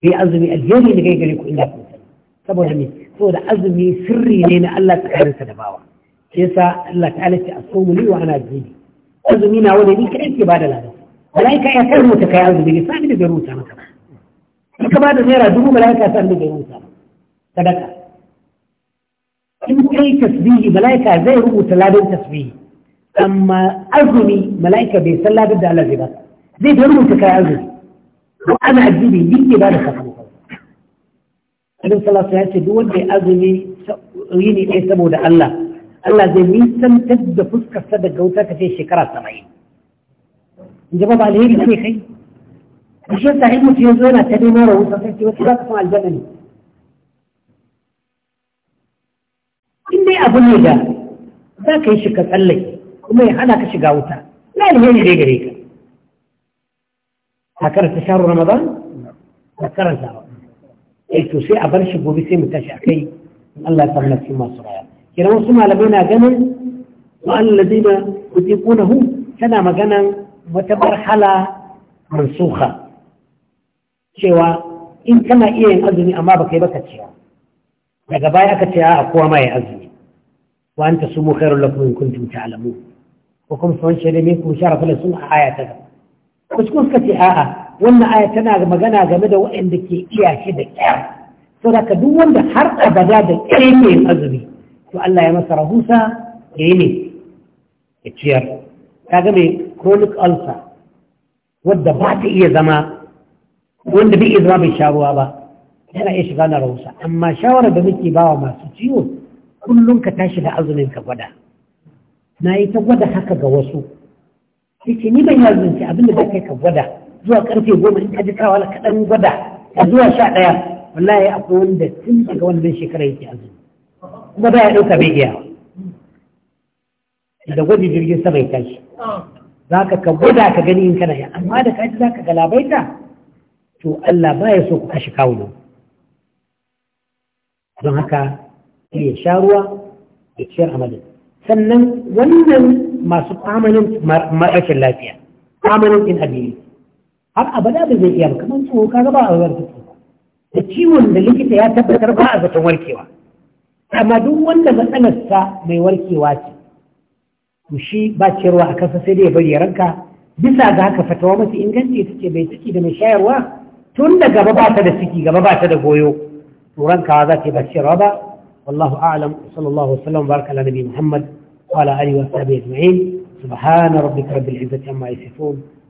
في أزمي الجيل اللي جاي لكم إن كنتم saboda me saboda azumi sirri ne na Allah tsakaninsa da bawa shi yasa Allah ta'ala a asumu li wa ana jini azumi na wani ni kai ke bada ladan malaika ya kai mu ta kai azumi ne sani da rubuta maka in ka bada naira dubu malaika sani da rubuta sadaka in kai tasbihi malaika zai rubuta ladan tasbihi amma azumi malaika bai san ladan da Allah zai ba zai da rubuta kai azumi ana azumi ni ke bada sakamako Abin salasa ya ce duk wanda ya azumi yini ɗaya saboda Allah, Allah zai nisantar da fuskarsa daga wuta ta ce shekara saba'in. In ji ba ba alheri ne kai? A shi yasa in mutum ya zo yana ta neman rahusa sai ce wasu za ka san aljanna ne. In dai abu ne da za ka yi shi ka tsallake kuma ya hana ka shiga wuta. Na alheri dai gare ka. Ka karanta sharu Ramadan? Ka karanta ba. eh to sai a bar shi gobe sai mu tashi akai in Allah ya samu cikin masu raya kira wasu malamai na ganin wa'alladina yutiqunahu tana maganan wata marhala mansuha cewa in kana iya yin azumi amma baka yi baka ciya daga baya aka ce a kowa ma ya azumi wa anta sumu khairul lakum in kuntum ta'lamun ko kuma sun shaida min kun sharafa la sun aya ta kuskun suka ce a'a wannan aya tana magana game da waɗanda ke iya shi da ƙyar ka duk wanda har abada da ƙyar yake azumi to Allah ya masa rahusa ya yi ne ya ciyar kaga mai chronic ulcer wadda ba ta iya zama wanda bai iya zama bai sha ruwa ba yana iya shiga na rahusa amma shawarar da muke bawa masu ciwo kullum ka tashi da azumin ka gwada na yi ta gwada haka ga wasu sai ni ban yi azumci abin da kai ka gwada zuwa karfe goma in ka ji kawa la kaɗan gwada ka zuwa sha ɗaya wallahi akwai wanda tun daga wannan shekara yake azumi kuma da ya ɗauka bai iya da gwaji jirgin sama ya tashi za ka ka gwada ka gani in kana yi amma da ka ji za ka galabaita to Allah ba ya so ku kashe kawunan don haka ya sha ruwa ya ciyar amalin sannan wannan masu amanin marashin lafiya amanin din abili har abada ba zai iya ba kamar ciwo ka ba a warke da ciwon da likita ya tabbatar ba a zaton warkewa amma duk wanda matsalarsa mai warkewa ce to shi ba ciyarwa a kasa sai dai ya bari ya ranka bisa ga haka fatawa mafi inganci ita ce bai ciki da mai shayarwa tun da gaba ba ta da ciki gaba ba ta da goyo to rankawa za ta yi ba ciyarwa ba wallahu a'lam sallallahu wasallam baraka ala nabi muhammad wa ala alihi wa sahbihi ajma'in subhana rabbika rabbil izzati amma yasifun